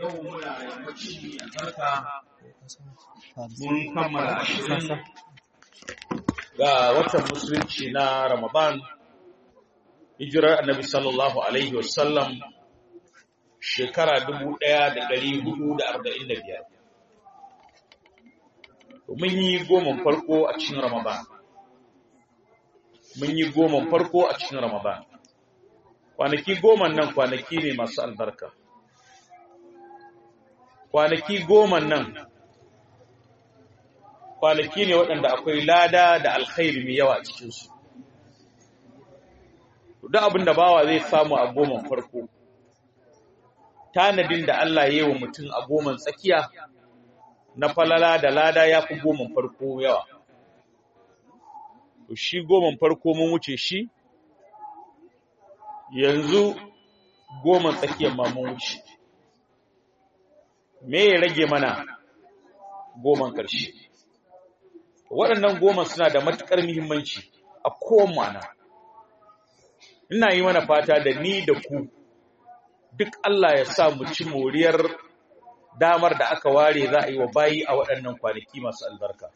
yau muna yammaci albarka mun kammala ashirin ga watan musulunci na ramadan hijirar annabi sallallahu alaihi wasallam shekara 1445 mun yi goman farko a cikin ramadan mun yi goman farko a cikin ramadan kwanaki goman nan kwanaki ne masu albarka kwanaki goma nan kwanaki ne waɗanda akwai lada da alkhairi mai yawa a cikinsu duk abin da bawa zai samu a goman farko tanadin da Allah ya yi wa mutum a goman tsakiya na falala da lada ya fi goman farko yawa shi goman farko mun wuce shi yanzu goman tsakiyar ma mun wuce me ya rage mana goman ƙarshe waɗannan goma suna da matuƙar muhimmanci a kowane ma'ana ina yi mana fata da ni da ku duk Allah ya sa mu ci moriyar damar da aka ware za a yi wa bayi a waɗannan kwanaki masu albarka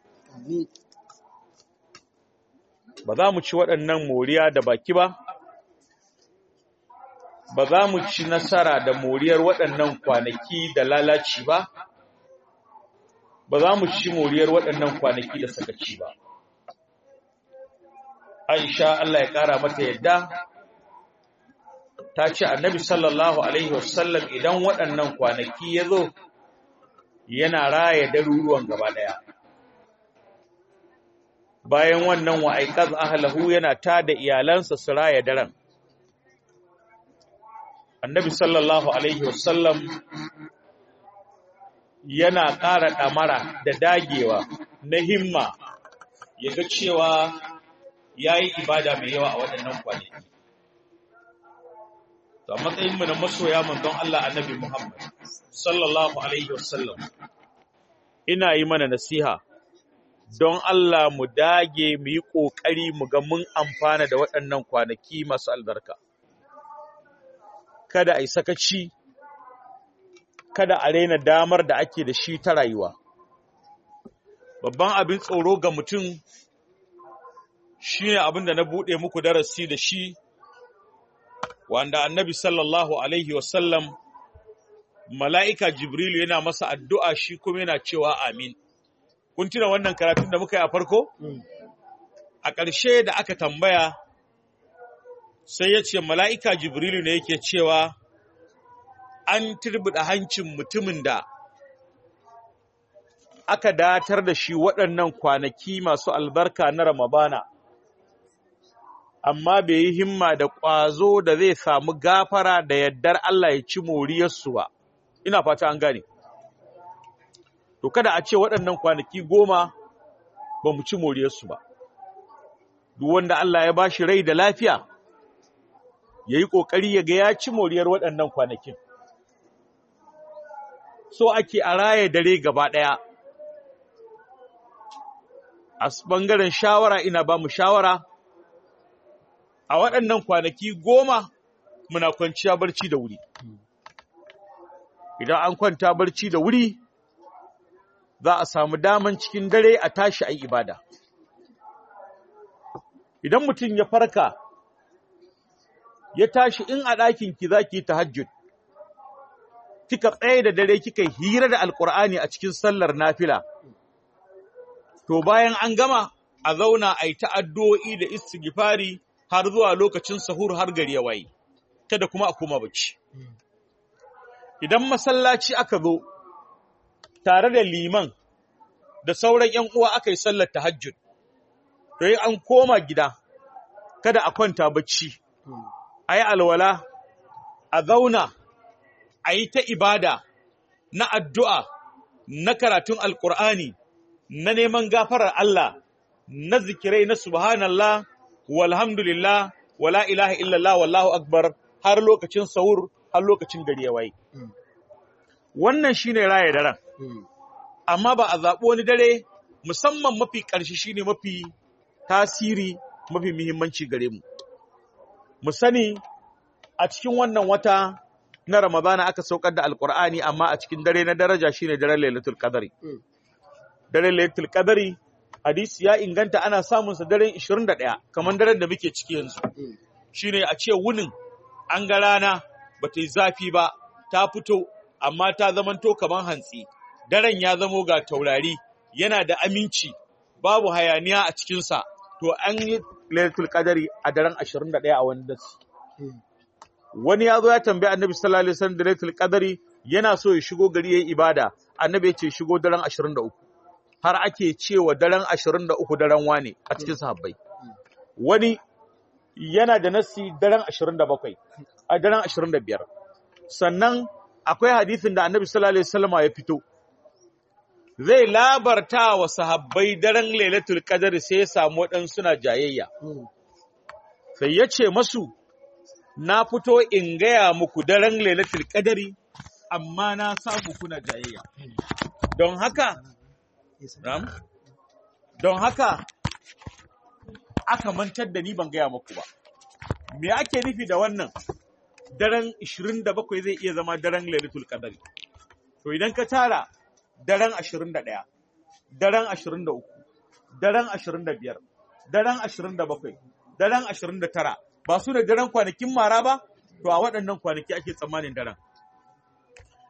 ba za mu ci waɗannan moriya da baki ba ba za mu ci nasara da moriyar waɗannan kwanaki da lalaci ba ba za mu ci moriyar waɗannan kwanaki da sakaci ba aisha Allah ya ƙara mata yadda ta ce annabi sallallahu alaihi wasallam idan waɗannan kwanaki ya zo yana raya daruruwan gaba daya bayan wannan wa’aikaz ahalahu yana da iyalansa su raya daren annabi sallallahu alaihi wasallam yana ƙara ɗamara da dagewa na himma ya ga cewa ya yi ibada mai yawa a waɗannan kwanaki. To, a matsayinmu na masoya manzon Allah annabi Muhammad, sallallahu Alaihi wasallam, ina yi mana nasiha, don Allah mu dage mu yi ƙoƙari mu ga mun amfana da waɗannan kwanaki masu albarka. kada a yi sakaci kada a raina damar da ake da shi ta rayuwa babban abin tsoro ga mutum shine abin da na buɗe muku darasi da shi wanda annabi sallallahu alaihi wasallam mala'ika jibrilu yana masa addu'a shi kuma yana cewa amin kun tuna wannan karatun da muka yi a farko mm. a ƙarshe da aka tambaya sai ya ce mala'ika jibrilu ne yake cewa an da hancin mutumin da aka datar da shi waɗannan kwanaki masu albarka na Ramabana, amma bai yi himma da ƙwazo da zai samu gafara da yaddar Allah ya ci moriyarsu ba, ina fata an gane. To kada a ce waɗannan kwanaki goma ba mu ci moriyarsu ba, duk wanda Allah ya ba shi rai da lafiya, ya yi ƙoƙari ya ga ya ci moriyar waɗannan kwanakin. So ake a raya dare gaba ɗaya. A ɓangaren shawara ina ba mu shawara, a waɗannan kwanaki goma muna kwanciya barci da wuri. Idan an kwanta barci da wuri, za a samu daman cikin dare a tashi a ibada. Idan mutum ya farka ya tashi in a ɗakin ki za ki yi tahajjud kika tsaye da dare kika hira da alkur'ani a cikin sallar nafila to bayan an gama a zauna a yi ta'addo'i da istighfari har zuwa lokacin sahur har gari ya waye kada kuma a koma bacci idan masallaci aka zo tare da liman da sauran ‘yan uwa aka yi sallar tahajjud, to yi an koma gida, kada a kwanta bacci, a yi alwala a zauna a yi ta ibada na addu'a na karatun alkur'ani na neman gafarar Allah na zikirai na subhanallah walhamdulillah wala ilaha illallah wallahu akbar har lokacin sahur har lokacin gari ya waye hmm. wannan shine raye daren hmm. amma ba a zaɓi wani dare musamman mafi ƙarshe shine mafi tasiri mafi muhimmanci gare mu mu sani a cikin wannan wata na Ramadana aka saukar da alkur'ani amma a cikin dare na daraja shine daren Lailatul Qadari. Hmm. Daren Lailatul Qadari hadisi ya inganta ana samun sa daren 21 kamar daren da muke ciki yanzu. Hmm. Shine a ce wunin an ga rana bata yi zafi ba ta fito amma ta to kamar hantsi. Daren ya zamo ga taurari yana da aminci babu hayaniya a cikinsa to an yi lailatul qadari a daren 21 a wani wani ya zo ya tambaye annabi sallallahu alaihi wasallam da lailatul qadari yana so ya shigo gari yayin ibada annabi ya ce shigo daren 23 har ake cewa daren 23 daren wane a cikin sahabbai wani yana da nasi daren 27 a daren 25 sannan akwai hadisin da annabi sallallahu alaihi wasallam ya fito zai labarta wa sahabbai daren lailatul qadar sai ya samu dan suna jayayya hmm. sai ya ce masu na fito in gaya muku daren lailatul qadari amma na samu kuna jayayya don haka don haka aka mantar da ni ban gaya muku ba me ake nufi da wannan daren 27 zai iya zama daren lailatul qadari to idan ka tara daren 21 daren 23 daren 25 daren 27 daren 29 ba su ne daren kwanakin mara ba to a waɗannan kwanaki ake tsammanin daren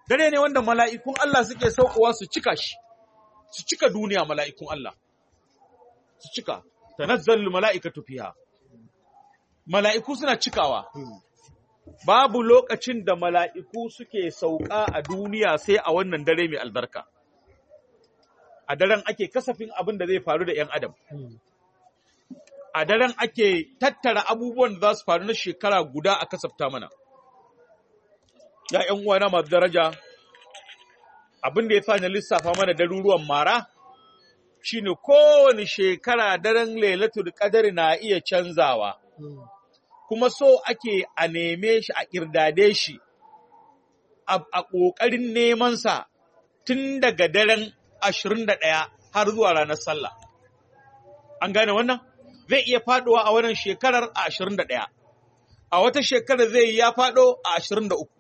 dare ne wanda mala'ikun Allah suke saukowa su cika shi su cika duniya mala'ikun Allah su cika tanazzalul mala'ikatu fiha mala'iku suna cikawa babu lokacin da mala'iku suke sauka a duniya sai a wannan dare mai albarka a daren ake kasafin abin da zai faru da 'yan adam hmm. a daren ake tattara abubuwan da za su faru na shekara guda a kasafta mana ya 'yan uwana masu daraja abin da ya sa na lissafa mana daruruwan mara shine kowane shekara daren lailatul kadari na iya canzawa hmm. kuma so ake a neme shi a kirdade shi a ƙoƙarin nemansa tun daga daren ashirin da ɗaya har zuwa ranar sallah. An gane wannan? Zai iya faɗuwa a wannan shekarar a ashirin da ɗaya. A wata shekarar zai yi ya faɗo a ashirin da uku.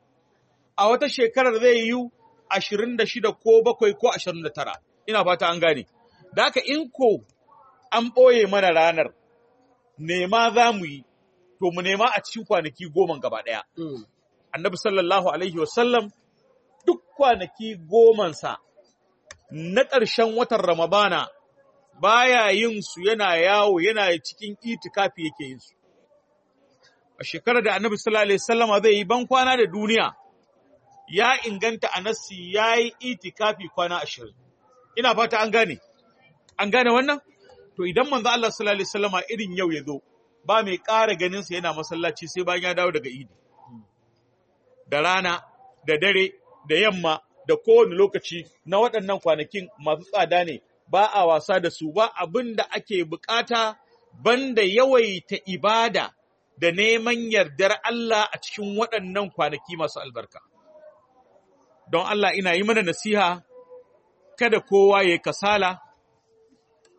A wata shekarar zai yi ashirin da shida ko bakwai ko ashirin da tara. Ina fata an gane. Da haka in ko an ɓoye mana ranar, nema za mu yi, to mu nema a cikin kwanaki goma gaba ɗaya. Mm. Annabi sallallahu alaihi wasallam duk kwanaki gomansa na ƙarshen watan Ramadana baya yin su yana yawo yana cikin itikafi yake yin su. A shekarar da Annabi sallallahu alaihi wasallama zai yi ban kwana da duniya ya inganta anasi ya yi itikafi kwana ashirin. Ina fata an gane, an gane wannan? To idan manzo Allah sallallahu alaihi irin yau ya zo, ba mai ƙara ganinsa yana masallaci sai bayan ya dawo daga idi. Da rana, da dare, da yamma, da kowane lokaci na waɗannan kwanakin masu tsada ne ba a wasa da su ba abin da ake bukata banda yawaita ibada da neman yardar Allah a cikin waɗannan kwanaki masu albarka. Don Allah ina yi mana nasiha, kada kowa ya kasala,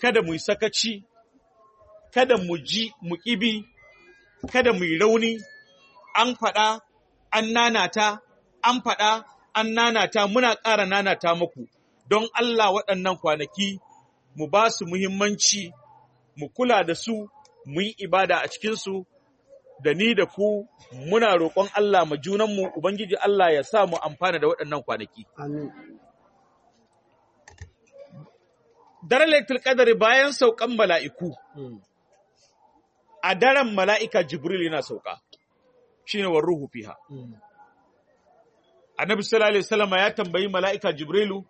kada mu yi sakaci, kada mu ji mu ƙibi, kada mu yi rauni, an faɗa, an nanata, an faɗa, an nanata muna ƙara nanata muku don Allah waɗannan kwanaki mu ba su muhimmanci mu kula da su mu yi ibada a cikinsu da ni da ku muna roƙon Allah ma junanmu Ubangiji Allah ya sa mu amfana da waɗannan kwanaki. Daren laifin ƙadar bayan sauƙan mala'iku, hmm. a daren mala'ika Jibril yana sauƙa. shi ne wa ruhu fiha. Hmm. annabi sallallahu alaihi ya tambayi mala'ika jibrilu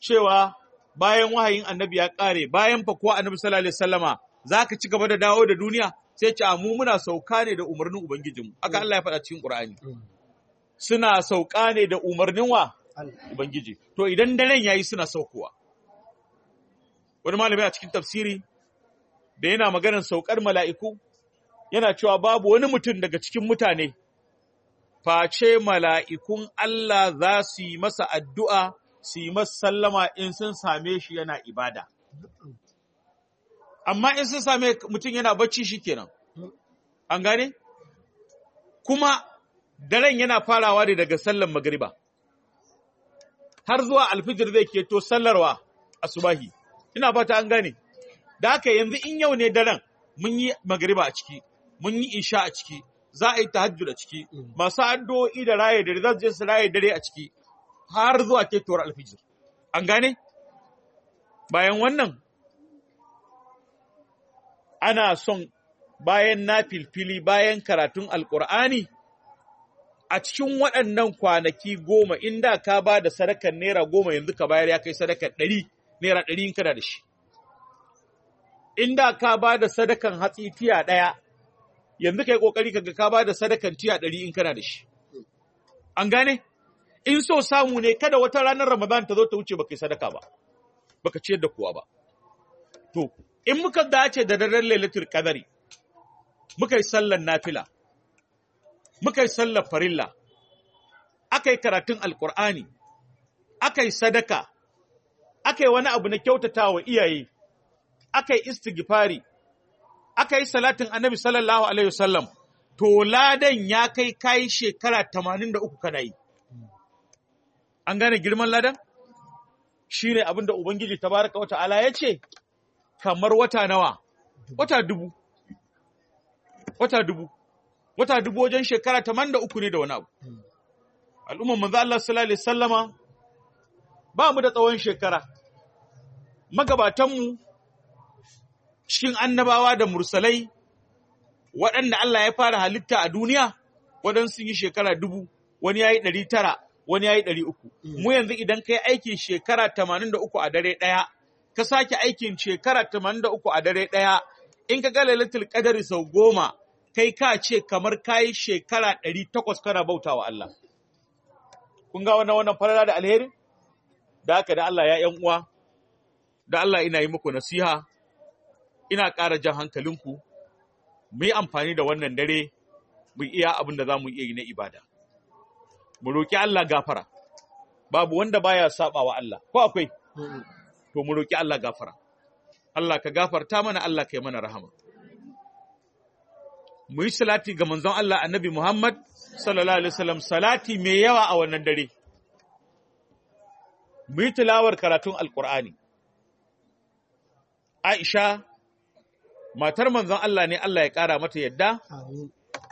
cewa bayan wahayin annabi ya kare bayan fa kuwa annabi sallallahu alaihi wasallama zaka ci gaba da dawo da duniya sai ce mu muna sauka ne da umarnin ubangijinmu Aka Allah ya faɗa cikin Qur'ani mm. suna sauka ne da umarnin wa ubangiji to idan daren yayi suna saukowa wani malami a cikin tafsiri da yana maganar saukar mala'iku yana cewa babu wani mutum daga cikin mutane face mala'ikun Allah za su yi masa addu'a su yi masa sallama in sun same shi yana ibada. Amma in sun same mutum yana bacci shi kenan, an gane? Kuma daren yana farawa ne daga sallar magariba, har zuwa alfijir zai keto sallarwa a subahi, ina fata an gane. Da haka yanzu in yau ne daren mun yi magariba a ciki, mun yi isha a ciki, za a yi tahajjud a ciki mm. masu addu'o'i da raye dare za su je su raye dare a ciki har zuwa ketowar alfijir an gane bayan wannan ana son bayan na filfili bayan karatun alkur'ani a cikin waɗannan kwanaki goma inda ka ba da sadakar naira goma yanzu ka bayar ya kai sadakar ɗari naira ɗari in kana da shi inda ka ba da sadakan hatsi tiya ɗaya yanzu kai kokari kaga ka bada sadakan tiya ɗari in kana da shi an gane in so samu ne kada wata ranar ramadan ta zo ta wuce baka yi sadaka ba baka ciyar da kowa ba to in muka dace da daren lailatul qadari muka yi sallar nafila muka yi sallar farilla akai karatun alkur'ani akai sadaka akai wani abu na kyautatawa iyaye akai istighfari aka yi salatin annabi sallallahu alaihi wasallam to ladan ya kai kai shekara 83 kana yi an gane girman ladan ne abin da ubangiji tabaraka wa ta'ala ya ce kamar wata nawa wata dubu wata dubu wata dubu wajen shekara 83 ne da wani abu al'umman manzo Allah sallallahu alaihi wasallama ba mu da tsawon shekara Magabatan mu. cikin annabawa da mursalai waɗanda Allah ya fara halitta a duniya waɗansu yi shekara dubu wani ya yi ɗari tara wani ya yi ɗari uku. Hmm. Mu yanzu idan ka yi aikin shekara tamanin da uku a dare ɗaya, ka sake aikin shekara tamanin da uku a dare ɗaya, in ka ga lailatul ƙadari sau goma, kai ka ce kamar ka yi shekara ɗari takwas kana bauta wa Allah. Kun ga wannan wannan farara da alheri? Da haka da Allah ya ‘yan uwa, da Allah ina yi muku nasiha, ina ƙara jan hankalinku mu yi amfani da wannan dare mu iya abin da za mu iya yi na ibada mu roƙi Allah gafara babu wanda baya saba wa Allah ko akwai to mu roƙi Allah gafara Allah ka gafarta mana Allah ka yi mana rahama mu yi salati ga manzon Allah annabi Muhammad sallallahu alaihi wasallam salati mai yawa a wannan dare mu yi tilawar karatun alkur'ani Aisha matar manzon Allah ne Allah ya ƙara mata yadda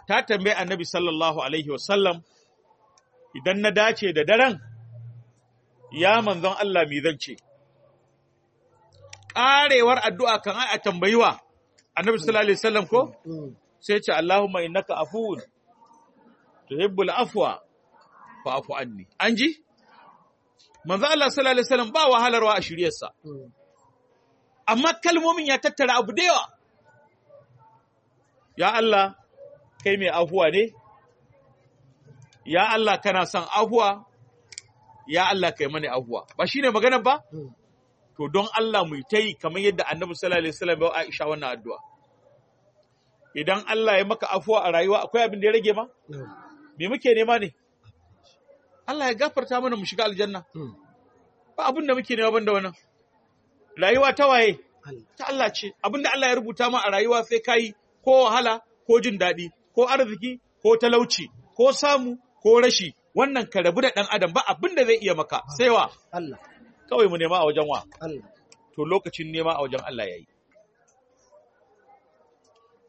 ta tambaye annabi sallallahu alaihi wasallam idan na dace da daren ya manzon Allah mai zan ce ƙarewar addu'a kan a a tambayiwa annabi sallallahu alaihi wasallam ko mm. sai ce Allahumma innaka afuwun tuhibbul afwa fa'fu anni ji? manzo Allah sallallahu alaihi wasallam ba wahalarwa a shiryarsa mm. amma kalmomin ya tattara abu da yawa ya Allah kai mai afuwa ne ya Allah kana son afuwa ya Allah kai mani afuwa ba shine magana ba hmm. to don Allah mu ta yi kamar yadda Annabi sallallahu alaihi wasallam ya Aisha wannan addu'a idan Allah ya maka afuwa a rayuwa akwai abin da ya rage ma hmm. me muke nema ne Allah ya gafarta mana mu shiga aljanna hmm. ba abin da muke nema banda wannan rayuwa ta waye ta Allah ce abin da Allah ya rubuta ma a rayuwa sai kai ko wahala ko jin daɗi ko arziki ko talauci ko samu ko rashi wannan ka rabu da ɗan adam ba abin da zai iya maka sai wa Allah kawai mu nema a wajen wa to lokacin nema a wajen Allah yayi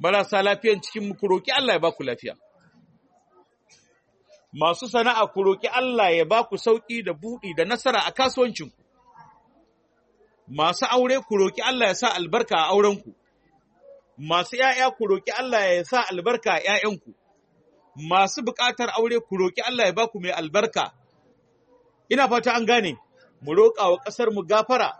marasa lafiyan cikin mu ku Allah ya baku lafiya masu sana'a kuroki Allah ya baku sauki da buɗi da nasara a kasuwancinku masu aure ku roki Allah ya sa albarka a aurenku masu ‘ya'ya ku roƙi Allah ya sa albarka a ‘ya'yanku, masu buƙatar aure ku roƙi Allah ya ba ku mai albarka. Ina fata an gane, mu roƙa wa ƙasar mu gafara,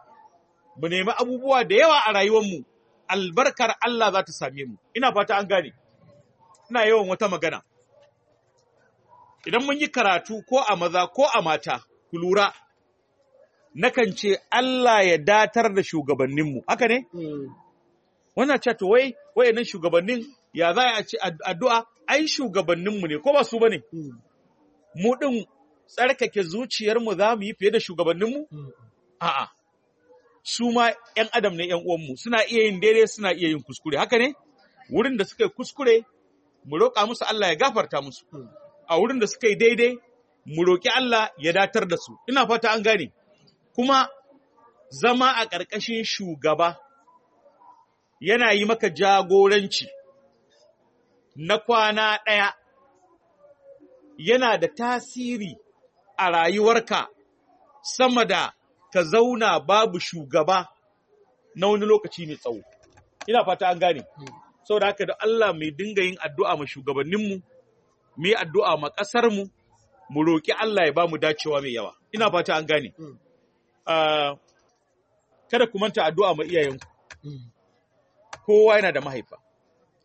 mu nemi abubuwa da yawa a rayuwanmu, albarkar Allah za ta same mu. Ina fata an gane, ina yawan wata magana. Idan mun yi karatu ko a maza ko a mata, ku lura, nakan ce Allah ya datar da shugabanninmu, haka ne? Mm. wannan cewa to wai nan shugabannin ya za a ce addu'a ai shugabanninmu ne ko ba su bane mm. mu din tsarkake zuciyarmu za mu yi fiye da shugabanninmu mm. a'a su ma ‘yan adam ne ‘yan uwanmu suna iya yin daidai suna iya yin kuskure haka ne wurin da suka yi kuskure mu roƙa musu Allah ya gafarta musu mm. a wurin da suka yi daidai mu roƙi Allah ya datar da su ina fata an gane kuma zama a ƙarƙashin shugaba yana yi maka jagoranci na kwana ɗaya, yana da tasiri a rayuwarka sama da ka zauna babu shugaba na wani lokaci mai tsawo. Ina fata an gane. Saboda haka da Allah mai dinga yin addu'a ma shugabanninmu, mai yi addu'a ma ƙasarmu, mu roƙi Allah ya ba mu dacewa mai yawa. Ina fata an gane. Mm. Ah, kada ku manta addu'a ma iyayenku. Mm. kowa yana da mahaifa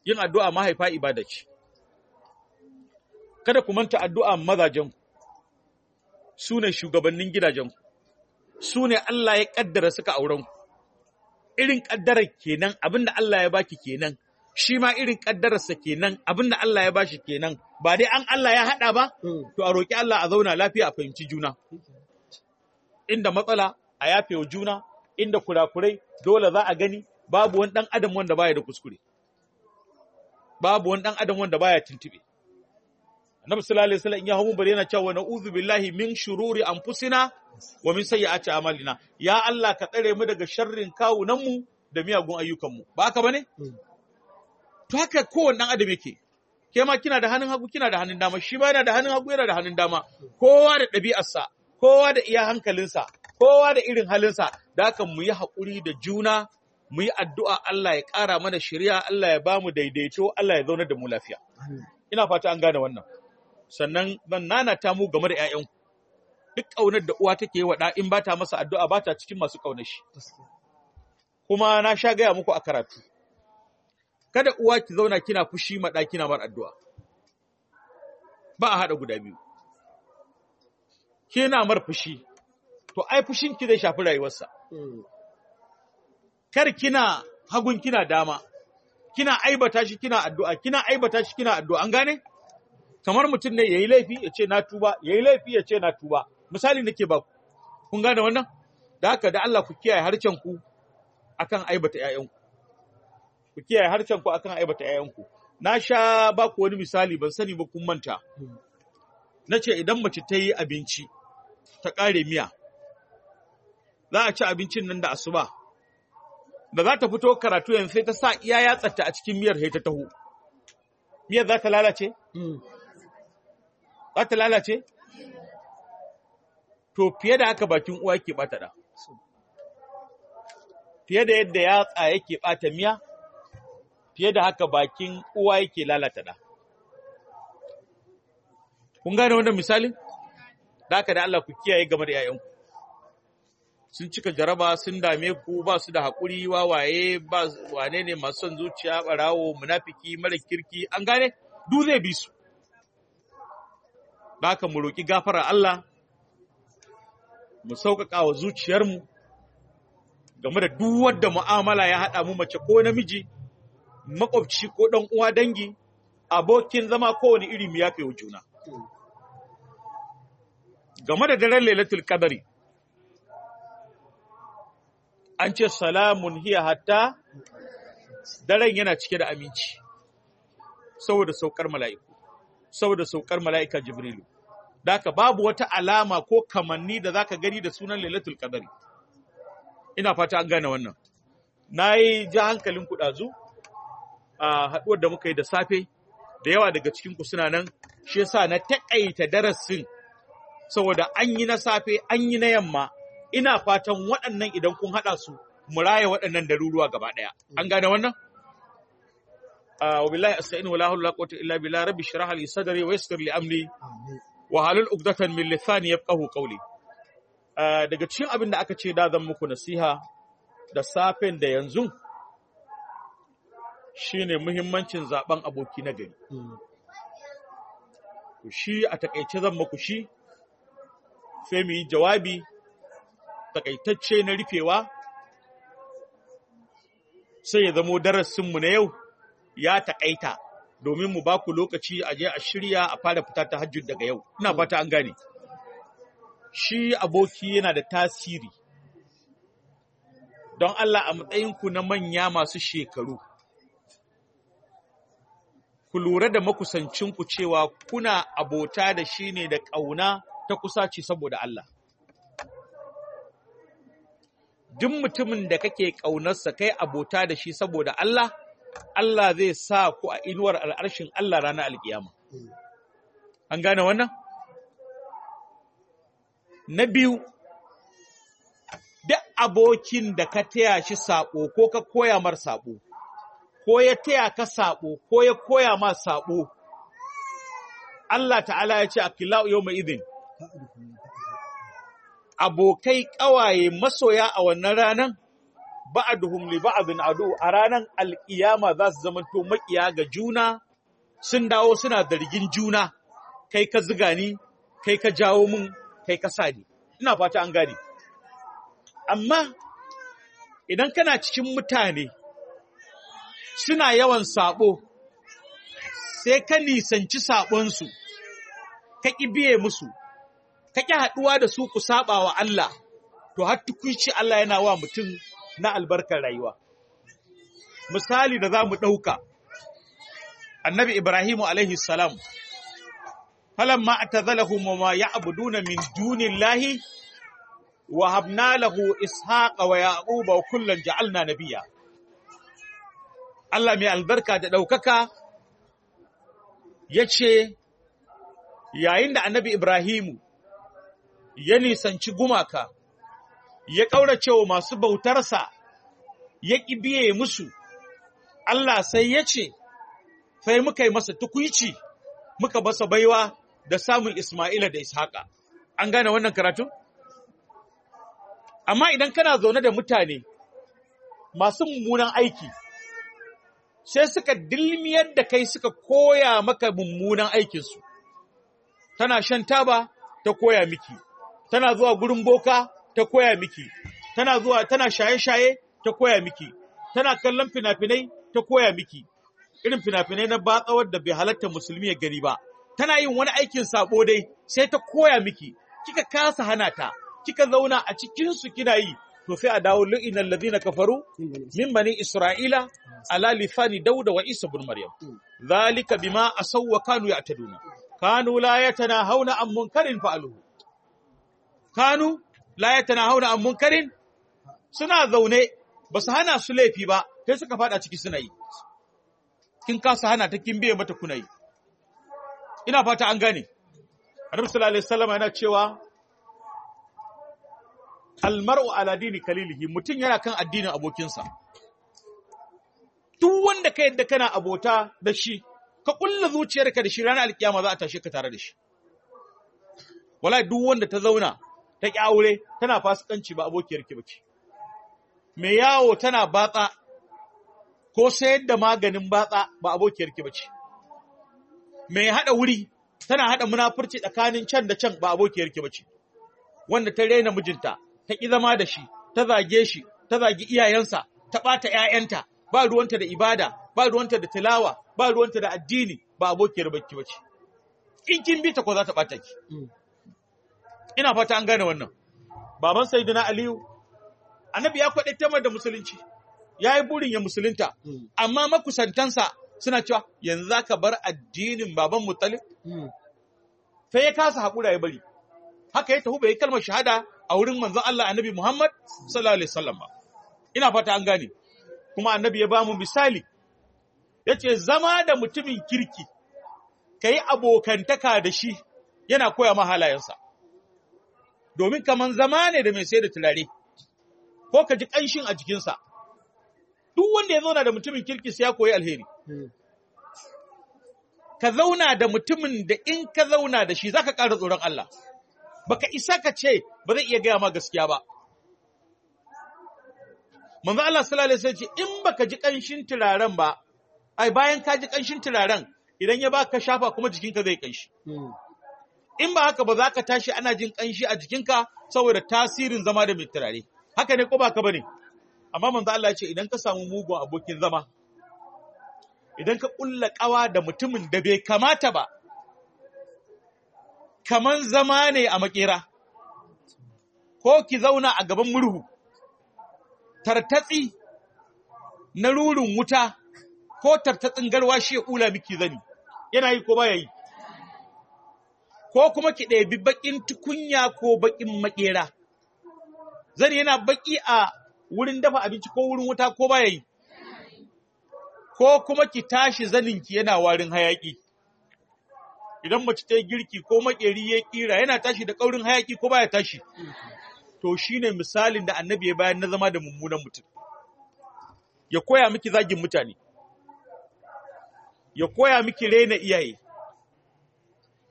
yin addu'a mahaifa ibada ce kada ku manta addu'a mazajen su ne shugabannin gidajen su ne Allah ya ƙaddara suka auren irin ƙaddarar kenan abinda Allah ya baki kenan shi ma irin ƙaddararsa kenan abinda Allah ya bashi kenan ba dai an Allah ya haɗa ba to a roƙi Allah a zauna lafiya a fahimci juna inda matsala a yafewa juna inda kurakurai dole za a gani babu wani ɗan adam wanda baya da kuskure babu wani ɗan adam wanda baya tuntube annabi sallallahu alaihi wasallam ya hawo bare yana cewa uzu billahi min shururi anfusina wa min sayyiati a'malina ya Allah ka tsare mu daga sharrin kawunan mu da miyagun ayyukan mu ba haka bane hmm. to haka kowanne ɗan adam yake ke ma kina da hannun hagu kina da hannun dama shi ba yana da hannun hagu yana da hannun dama kowa da ɗabi'arsa kowa da iya hankalinsa kowa da irin halinsa da haka mu yi haƙuri da juna mu yi addu'a Allah ya ƙara mana shirya Allah ya ba mu daidaito Allah ya zauna da mu lafiya ina fata an gane wannan sannan zan ta mu game da 'ya'yanku duk ƙaunar da uwa take yi waɗa in ba ta masa addu'a ba ta cikin masu ƙaunashi. kuma na sha gaya muku a karatu kada uwa ki zauna kina fushi ma kina mar addu'a ba a haɗa guda biyu kina mar fushi to ai fushin ki zai shafi rayuwarsa mm. kar kina hagun kina dama kina aibata shi kina addu'a kina aibata shi kina addu'a an gane kamar mutum ne yayi laifi ya ce na tuba yayi laifi ya ce na tuba misali nake ba kun gane wannan da haka da Allah ku kiyaye harcen ku akan aibata ƴaƴan ku ku kiyaye harcen ku akan aibata ƴaƴan ku na sha ba ku wani misali ban sani ba kun manta nace idan mace ta yi abinci ta kare miya za a ci abincin nan da asuba da za ta fito karatu yanzu sai ta sa iya yatsarta a cikin miyar sai ta taho miyar za ta lalace mm. za ta lalace to fiye da haka bakin uwa ke bata da fiye da yadda yatsa yake bata miya fiye da haka bakin uwa yake lalata da kun gane wannan misalin da haka da Allah ku kiyaye game da 'ya'yanku sun cika jaraba sun dame ku ba su da haƙuri wawaye ba wane ne masu son zuciya ɓarawo munafiki mara kirki an gane du zai bi su ba ka mu roƙi gafara Allah mu sauƙaƙa wa zuciyarmu game da duk wadda mu'amala ya haɗa mu mace ko namiji makwabci ko ɗan uwa dangi abokin zama kowane iri mu ya wa juna game da daren lailatul qadari an ce salamun hiya hatta daren yana cike da aminci saboda saukar mala'iku saboda saukar mala'ika jibrilu daka babu wata alama ko kamanni da zaka gani da sunan lalatul kadari ina fata an gane wannan nayi ji hankalin kudazu a haduwar da muka yi da safe da yawa daga cikin ku suna nan shi yasa na taƙaita darasin saboda an yi na safe an yi na yamma ina fatan waɗannan idan kun haɗa su muraya waɗannan daruruwa gaba ɗaya an gane wannan wabillahi asta'in wala hawla wala quwwata illa billah rabbi shrah li sadri wa yassir li amri wa halul uqdatan min lisani yafqahu qawli daga cikin abin da aka ce da zan muku nasiha da safen da yanzu shine muhimmancin zaben aboki na gari mm. shi a takaice zan muku shi sai mu yi jawabi takaitacce na rufewa sai ya zamo darasinmu na yau ya takaita domin mu baku lokaci a je a shirya a fara fita ta hajjud daga yau ina fata an gane shi aboki yana da tasiri don Allah a matsayinku na manya masu shekaru ku lura da makusancinku cewa kuna abota da shi ne da ƙauna ta kusa ce saboda Allah duk mutumin da kake ƙaunarsa kai abota da shi saboda Allah, Allah zai sa ku a inuwar al'arshin Allah ranar alƙiyama. An gane wannan? Na biyu, duk abokin da ka taya shi saɓo ko ka koya mar saɓo, ko ya taya ka saɓo ko ya koya ma saɓo, Allah ta'ala ya ce a kilau yau mai idin. abokai ƙawaye masoya a wannan ranan ba'aduhum li ba'din adu a ranan alƙiyama za su zama to maƙiya ga juna sun dawo suna zargin juna kai ka ziga ni kai ka jawo mun kai ka sa ni ina fata an gane amma idan kana cikin mutane suna yawan sabo sai ka nisanci sabonsu ka ƙi biye musu ka ƙi haɗuwa da su ku saba wa Allah to har tukunci Allah yana wa mutum na albarkar rayuwa misali da za mu ɗauka annabi Ibrahimu alaihi salam falamma atazalahum ya abu, Duna min lahi, wa habna lahu ishaƙa wa yaquba kullum kullan na nabiyya Allah mai albarka da ɗaukaka? ya ce yayin da annabi Ibrahimu ya nisanci gumaka, ya ƙaurace wa masu bautarsa, ya biye musu, Allah sai ya ce, sai muka yi masa tukuici, muka basa baiwa da samun Ismaila da Ishaƙa. An gane wannan karatun? Amma idan kana zaune da mutane masu mummunan aiki, sai suka dilmiyar da kai suka koya maka mummunan aikinsu, tana shan taba ta koya miki. tana zuwa gurin boka ta koya miki tana zuwa tana shaye-shaye ta koya miki tana kallon fina-finai ta koya miki irin fina-finai na batsawar da bai halatta musulmi ya gani ba tana yin wani aikin sabo dai sai ta koya miki kika kasa hana ta kika zauna a cikin su kina yi to sai a dawo lu'inal na kafaru min bani isra'ila ala lisani dauda wa isa bin maryam zalika bima asaw wa kanu duna. kanu la ya tana hauna an munkarin fa'aluhu kanu la hauna an munkarin suna zaune ba su hana su laifi ba sai suka fada ciki suna yi kin kasa hana ta kin biye mata kuna yi ina fata an gane annabi sallallahu alaihi wasallam yana cewa almar'u ala dini kalilihi mutum yana kan addinin abokinsa duk wanda ka yadda kana abota da shi ka kulla zuciyarka da shi ranar alkiyama za a tashe ka tare da shi wallahi duk wanda ta zauna ta ƙi aure tana fasikanci ba abokiyar ki mai yawo tana batsa ko sayar da maganin batsa ba abokiyar ki mai hada wuri tana hada munafurci tsakanin can da can ba abokiyar ki bace wanda ta raina mijinta ta ki zama da shi ta zage shi ta zagi iyayensa ta ɓata ‘ya'yanta, ba ruwanta da ibada, ba ruwanta da tilawa, ba ruwanta da addini, ba abokiyar bakki In kin bi ta ko za ta bata ki. Mm. ina fata an gane wannan baban sayyidina aliyu annabi ya kwade tamar da musulunci yayi burin ya musulunta amma makusantansa suna cewa yanzu za bar addinin baban mutalib sai ya kasa haƙura ya bari haka ya tafi bai kalmar shahada a wurin manzon Allah annabi Muhammad sallallahu alaihi wasallam ba ina fata an gane kuma annabi ya bamu misali yace zama da mutumin kirki kai abokantaka da shi yana koya ma halayensa domin kamar zama ne da mai sai da turare ko ka ji ƙanshin a jikinsa duk wanda ya zauna da mutumin kirki sai ya koyi alheri hmm. ka zauna da mutumin da in ka zauna da shi za ka ƙara tsoron Allah Ba ka isa ka ce ba zai iya gaya ma gaskiya ba manzo Allah salalai sai ce in baka ji ƙanshin turaren ba ai bayan ka ji ƙanshin turaren idan ya ka shafa kuma jikinka zai ƙanshi? Hmm. in ba haka ba za ka tashi ana jin ƙanshi a jikinka saboda tasirin zama da mai turare haka ne ko ba ka bane amma manzo Allah ya ce idan ka samu mugun abokin zama idan ka kulla kawa da mutumin da bai kamata ba kaman zama ne a makera ko ki zauna a gaban murhu tartatsi na rurin wuta ko tartatsin garwa shi ya kula miki zani yana yi ko ya yi ko kuma ki ɗabi baƙin tukunya ko baƙin maƙera. zani yana baƙi a wurin dafa abinci ko wurin wuta ko baya yi, ko kuma ki tashi zaninki yana warin hayaƙi. Idan mace ta yi girki ko maƙeri ya ƙira yana tashi da ƙaurin hayaƙi ko baya tashi. To shi ne misalin da annabi ya bayan na zama da mummunan mutum. Ya koya miki zagin mutane, ya koya miki rena iyaye,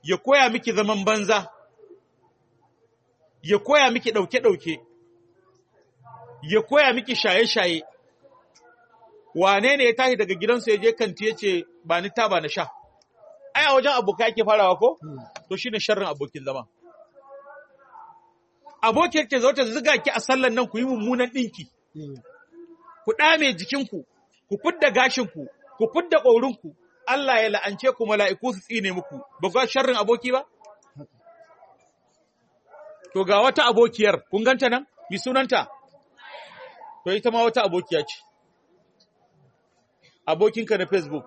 ya koya miki zaman banza ya koya miki ɗauke-ɗauke ya koya miki shaye-shaye wane ne ya tashi daga gidansu ya je kanti ya ce ba ni ta ba na sha a wajen abokai ake farawa ko hmm. to shine sharrin abokin zama abokin ke zo ziga ki a sallan nan ku yi mummunan ɗinki hmm. ku ɗame jikinku ku fidda gashinku ku fidda ƙorinku Allah ya la'ance ku mala'iku su tsine muku, ba ku sharrin aboki ba? To ga wata abokiyar, kun ganta nan, mi sunanta? To ita ma wata abokiya ce. Abokinka na Facebook,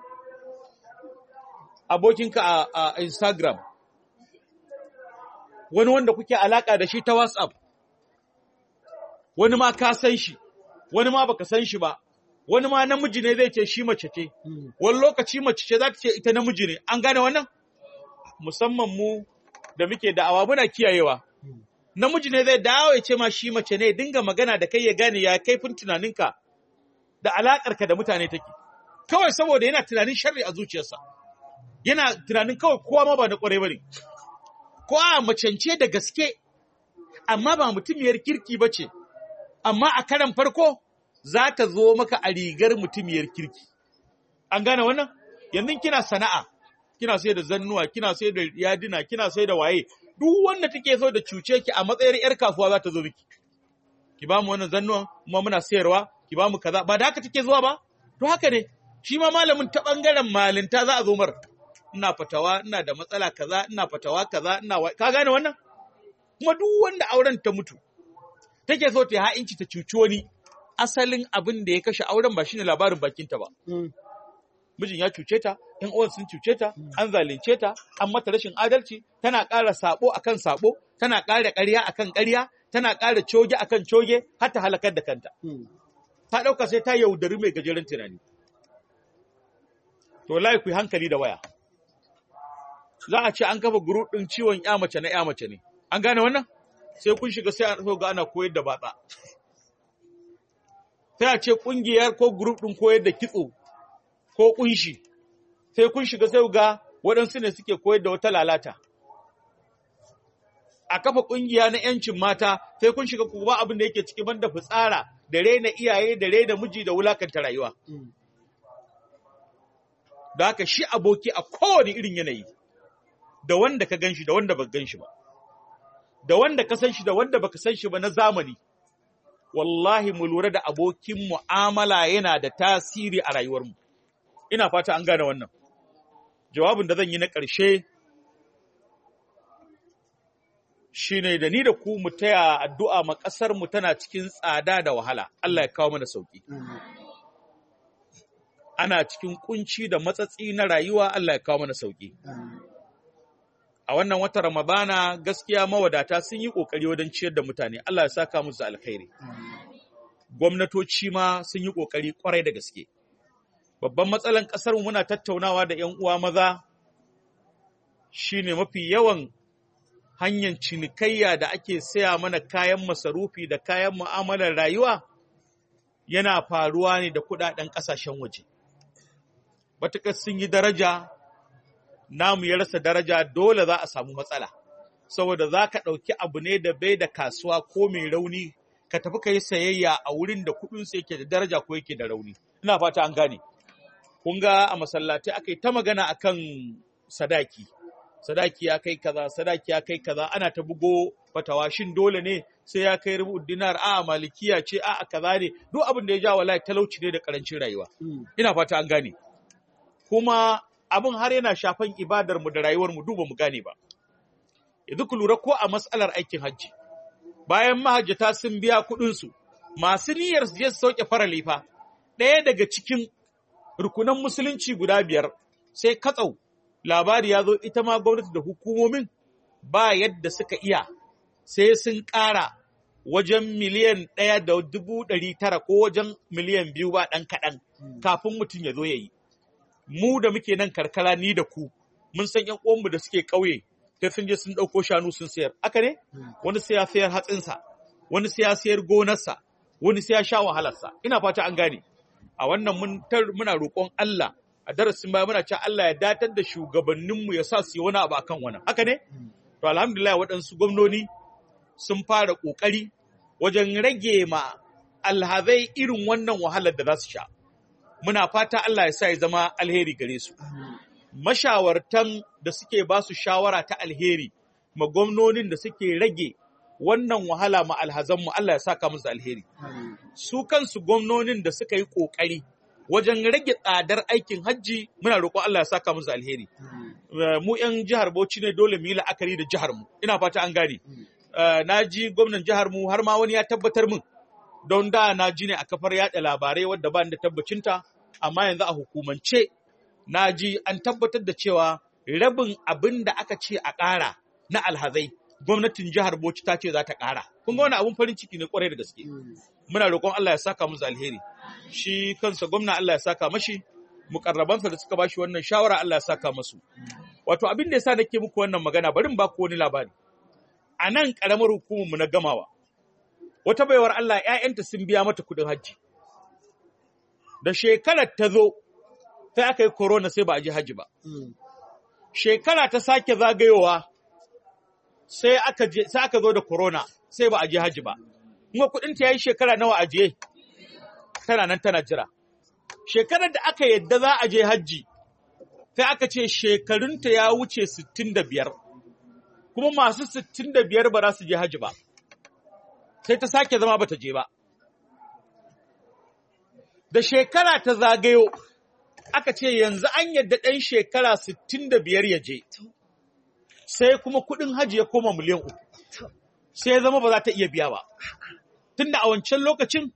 abokinka a, a Instagram, wani wanda kuke alaƙa da shi ta WhatsApp, wani ma ka san shi, wani ma baka san shi ba, wani ma namiji ne zai ce shi mace ce hmm. wani lokaci mace ce za ta ce ita namiji ne an gane wannan musamman mu da muke da'awa muna kiyayewa hmm. namiji ne zai dawo ya ce ma shi mace ne dinga magana da kai ya gane ya kaifin tunaninka da alaƙarka da mutane take kawai saboda yana tunanin sharri a zuciyarsa yana tunanin kawai kowa ma ba da kwarai bane ko a macance da gaske amma ba mutum mutumiyar kirki bace amma a karan farko za ta zo maka a rigar mutumiyar kirki. An gane wannan? Yanzu kina sana'a, kina sai da zannuwa, kina sai da yadina, kina sai da waye, duk wanda take so da cuce ki a matsayar 'yar kasuwa za ta zo miki. Ki ba mu wannan zannuwan, kuma muna sayarwa, ki ba mu kaza, ba da haka take zuwa ba? To haka ne, shi ma malamin ta ɓangaren malinta za a zo mar. Ina fatawa, ina da matsala kaza, ina fatawa kaza, ina wa, ka gane wannan? Kuma duk wanda auren ta mutu, take so ta ha'inci ta cuci wani, asalin abin da ya kashe auren ba shi shine labarin bakinta ba. Hmm. Mijin ya cuce ta, ‘yan uwan sun cuce ta, hmm. an zalunce ta, an mata rashin adalci, tana ƙara sabo kan sabo, tana ƙara ƙarya a kan ƙarya, tana ƙara coge a kan coge, har ta halakar da kanta. Hmm. Ta ɗauka sai ta yaudari mai gajeren tunani. To layi ku hankali da waya. Za a ce an kafa gurudin ciwon ‘ya mace na ‘ya mace ne. An gane wannan? Sai kun shiga sai an ga ana koyar da batsa. sai a ce ƙungiyar ko gurub din koyar da kitso ko ƙunshi sai kun shiga sai ga waɗansu ne suke koyar da wata lalata a kafa ƙungiya na ‘yancin mata sai kun shiga kuma abin da yake ciki banda fitsara da raina iyaye da raina miji da wulakanta rayuwa da haka shi aboki a kowane irin yanayi da wanda ka gan shi da wanda ba gan shi ba da wanda ka san shi da wanda baka san shi ba na zamani wallahi mu lura da abokin mu'amala yana da tasiri a rayuwarmu ina fata an gane wannan jawabin da zan yi na ƙarshe shine da ni da ku mu taya addu'a ma ƙasarmu tana cikin tsada da wahala Allah ya kawo mana sauki ana cikin ƙunci da matsatsi na rayuwa Allah ya kawo mana sauki a wannan watan Ramadana gaskiya mawadata sun yi ƙoƙari wajen ciyar da mutane Allah ya saka musu alkhairi. Gwamnatoci ma sun yi ƙoƙari kwarai da gaske. Babban matsalan ƙasar muna tattaunawa da ‘yan uwa maza shine mafi yawan hanyar cinikayya da ake saya mana kayan masarufi da kayan mu'amalar rayuwa yana faruwa ne da kuɗaɗen ƙasashen waje. Matuƙar sun yi daraja namu ya rasa daraja dole za a samu matsala saboda za ka ɗauki abu ne da bai da kasuwa ko mai rauni ka tafi ka yi sayayya a wurin da kuɗinsa yake da daraja ko yake da rauni ina fata an gane kun ga a masallatai aka yi ta magana a kan sadaki sadaki ya kai kaza sadaki ya kai kaza ana ta bugo fatawa shin dole ne sai ya kai rubu dinar a malikiya ce a kaza ne duk abin da ya ja wallahi talauci ne da karancin rayuwa hmm. ina fata an gane kuma abin har yana shafan ibadar mu da rayuwar mu duba mu gane ba yanzu ku lura ko a matsalar aikin hajji bayan mahajjata sun biya kuɗin su masu niyyar su je su sauke fara ɗaya daga cikin rukunan musulunci guda biyar sai katsau labari ya zo ita ma gwamnati da hukumomin ba yadda suka iya sai sun ƙara wajen miliyan ɗaya da dubu ɗari tara ko wajen miliyan biyu ba ɗan kaɗan kafin mutum ya zo ya yi. mu da muke nan karkara ni da ku mun san yan uwanmu da suke ƙauye sai sun je sun ɗauko shanu sun sayar aka ne hmm. wani sai ya sayar hatsinsa wani sai ya sayar gonarsa wani sai ya sha wahalarsa ina fata an gane a wannan mun muna roƙon Allah a darasin baya muna cewa Allah ya datar da shugabanninmu ya sa su yi wani abu akan wannan haka ne hmm. to alhamdulillah waɗansu gwamnoni sun fara ƙoƙari wajen rage ma alhazai irin wannan wahalar da za su sha muna fata Allah ya sa ya zama alheri gare su mashawartan da suke ba su shawara ta alheri ma da suke rage wannan wahala ma alhazanmu Allah ya saka musu alheri su kansu gwamnonin da suka yi kokari wajen rage tsadar aikin hajji muna roƙon Allah ya saka musu alheri eh, mu yan jihar Bauchi ne dole mu yi la'akari da jihar mu ina fata an gane eh, na ji gwamnan jihar mu har ma wani ya tabbatar min don da na ji ne a kafar yaɗa labarai wadda ba da tabbacinta amma yanzu a hukumance na ji an tabbatar da cewa rabin abin da aka ce a ƙara na alhazai gwamnatin jihar Bauchi ta ce za ta ƙara. Kuma wani abin farin ciki ne kwarai da gaske. Muna roƙon Allah ya saka musu alheri. Shi kansa gwamna Allah ya saka mashi, mukarrabansa da suka ba shi wannan shawara Allah ya saka masu. Wato abin da ya yasa nake muku wannan magana bari in ba ku wani labari. A nan ƙaramar hukumar mu na gamawa. Wata baiwar Allah ‘ya'yanta sun biya mata kuɗin hajji. da shekarar ta zo sai aka yi korona sai ba a ji haji ba mm. shekara ta sake zagayowa sai aka zo da korona sai ba a ji haji ba kuma kudin ta yi shekara nawa a je tana nan tana jira shekarar da aka yadda za a je haji sai aka ce shekarunta ya wuce 65 kuma masu 65 ba za su je haji ba sai ta sake zama ba ta je ba da shekara ta zagayo aka ce yanzu an yadda ɗan shekara 65 ya je sai kuma kuɗin haji ya koma miliyan uku sai ya zama ba za ta iya biya ba tunda a wancan lokacin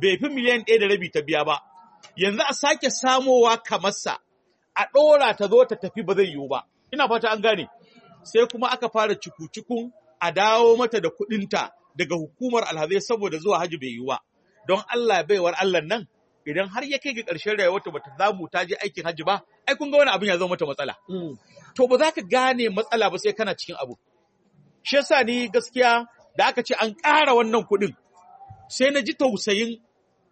bai fi miliyan ɗaya da rabi ta biya ba yanzu a sake samowa kamarsa a ɗora ta zo ta tafi ba zai yiwu ba ina fata an gane sai kuma aka fara cuku a dawo mata da kuɗinta daga hukumar alhazai saboda zuwa hajji bai yiwu ba don Allah baiwar Allah nan idan har ya kai ga ƙarshen rayuwarta bata zamu ta je aikin hajji ba ai kun ga wani abin ya zama mata matsala mm. to ba za ka gane matsala ba sai kana cikin abu shi yasa ni gaskiya da aka ce an ƙara wannan kuɗin sai na ji tausayin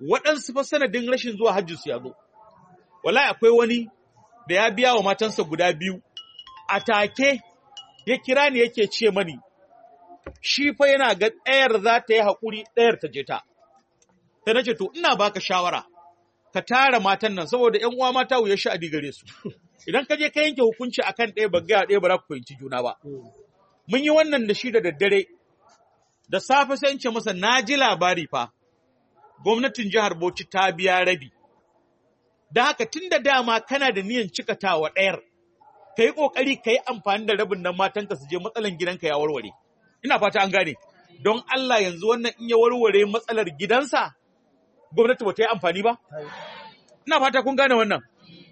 waɗansu fa sanadin rashin zuwa hajji su ya zo wallahi akwai wani da ya biya wa matansa guda biyu a take ya kira ni yake ce mani shi fa yana ga ɗayar za ta yi haƙuri ɗayar ta je ta na ce to ina baka shawara ka tara matan nan saboda ƴan uwa mata wuya sha'adi gare su idan ka je ka yanke hukunci akan ɗaya ba ga ɗaya ba za ku fahimci juna ba mun yi wannan da shi da daddare da safe sai in ce masa na ji labari fa gwamnatin jihar Bauchi ta biya rabi da haka tun da dama kana da niyan cikatawa ɗayar ka yi ƙoƙari ka yi amfani da rabin nan matanka su je matsalan gidanka ya warware ina fata an gane don Allah yanzu wannan in ya warware matsalar gidansa gwamnati ba ta yi amfani ba ina fata kun gane wannan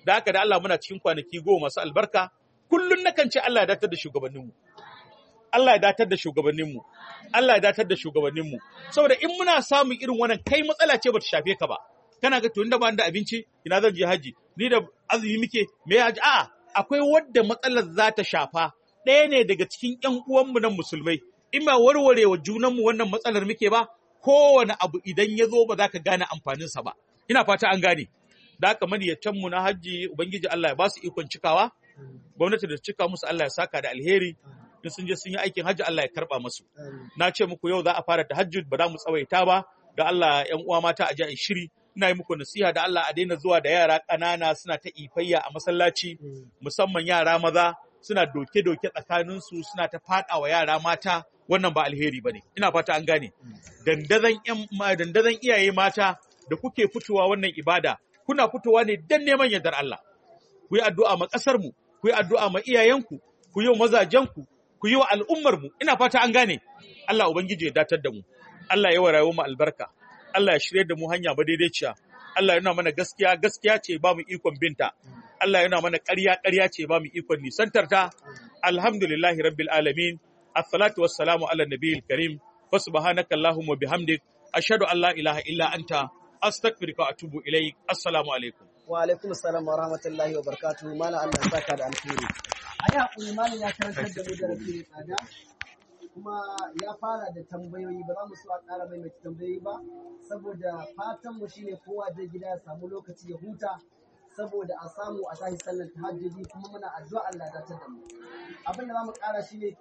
da haka da Allah muna cikin kwanaki goma masu albarka Kullum na kan ce Allah ya datar da shugabanninmu Allah ya datar da shugabanninmu Allah ya datar da shugabanninmu saboda in muna samun irin wannan kai matsala ce bata shafe ka ba kana ga to da ba da abinci ina zan je haji ni da azumi muke me haji a'a akwai wadda matsalar za ta shafa ɗaya ne daga cikin yan uwanmu na musulmai in ba warware wa junanmu wannan matsalar muke ba kowane abu idan ya zo ba za ka gane amfaninsa ba ina fata an gane da haka mu na hajji ubangiji Allah ya ba su ikon cikawa gwamnati da cika musu Allah ya saka da alheri in sun je sun yi aikin hajji Allah ya karba masu. na ce muku yau za a fara Hajji ba za mu tsawaita ba da Allah yan uwa mata a ji shiri ina yi muku nasiha da Allah a daina zuwa da yara ƙanana suna ta ifayya a masallaci musamman yara maza suna doke-doke tsakaninsu suna ta faɗa wa yara mata wannan ba alheri ba ne ina fata an gane Dandazan iyaye mata da kuke fitowa wannan ibada kuna fitowa ne don neman yardar Allah ku yi addu'a ma ƙasarmu ku yi addu'a ma iyayenku ku yi wa mazajenku ku yi wa al'ummarmu ina fata an gane Allah ubangiji ya datar da mu Allah ya warayo albarka Allah ya shirye da mu hanya ba daidaiciya Allah yana mana gaskiya gaskiya ce ba mu ikon binta Allah yana mana ƙarya ƙarya ce ba mu ikon nisantar ta alhamdulillahi rabbil alamin assalatu wassalamu ala nabiyil karim wa subhanaka allahumma bihamdik ashhadu an la ilaha illa anta astaghfiruka wa atubu ilaik assalamu alaikum wa alaikum assalam wa rahmatullahi wa barakatuh mana Allah ya saka da alheri ayi hakuri malam ya karantar da mu da rafi tsada kuma ya fara da tambayoyi ba za mu so a ƙara mai tambayoyi ba saboda fatanmu shine kowa zai gida ya samu lokaci ya huta saboda a samu a tashi sallar tahajjudi kuma muna addu'a Allah ta da mu abin da zamu kara shine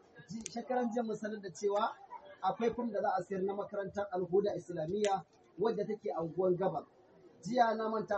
shekaran jiya mun sanar da cewa akwai fim da za a sayar na makarantar Alhuda Islamiyya wadda take a unguwar gaba jiya na manta